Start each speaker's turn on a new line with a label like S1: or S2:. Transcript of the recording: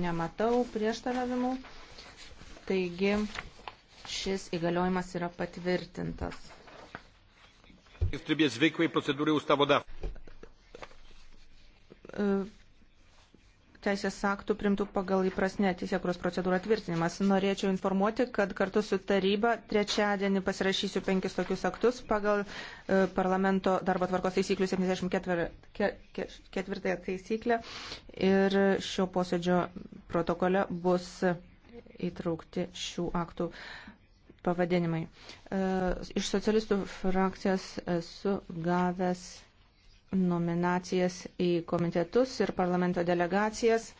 S1: Nematau prieštaravimų. Taigi šis įgaliojimas yra patvirtintas.
S2: W trybie zwykłej procedury ustawodawczej
S1: e, teisės aktų primtų pagal įprasnę teisėkuros procedūrą tvirtinimas. Norėčiau informuoti, kad kartu su taryba trečiadienį pasirašysiu penkis tokius aktus pagal e, parlamento darbo tvarkos taisyklių 74 ke, ke, taisyklę ir šio posėdžio protokole bus įtraukti šių aktų pavadinimai. E, iš socialistų frakcijos esu gavęs nominacijas į komitetus ir parlamento delegacijas.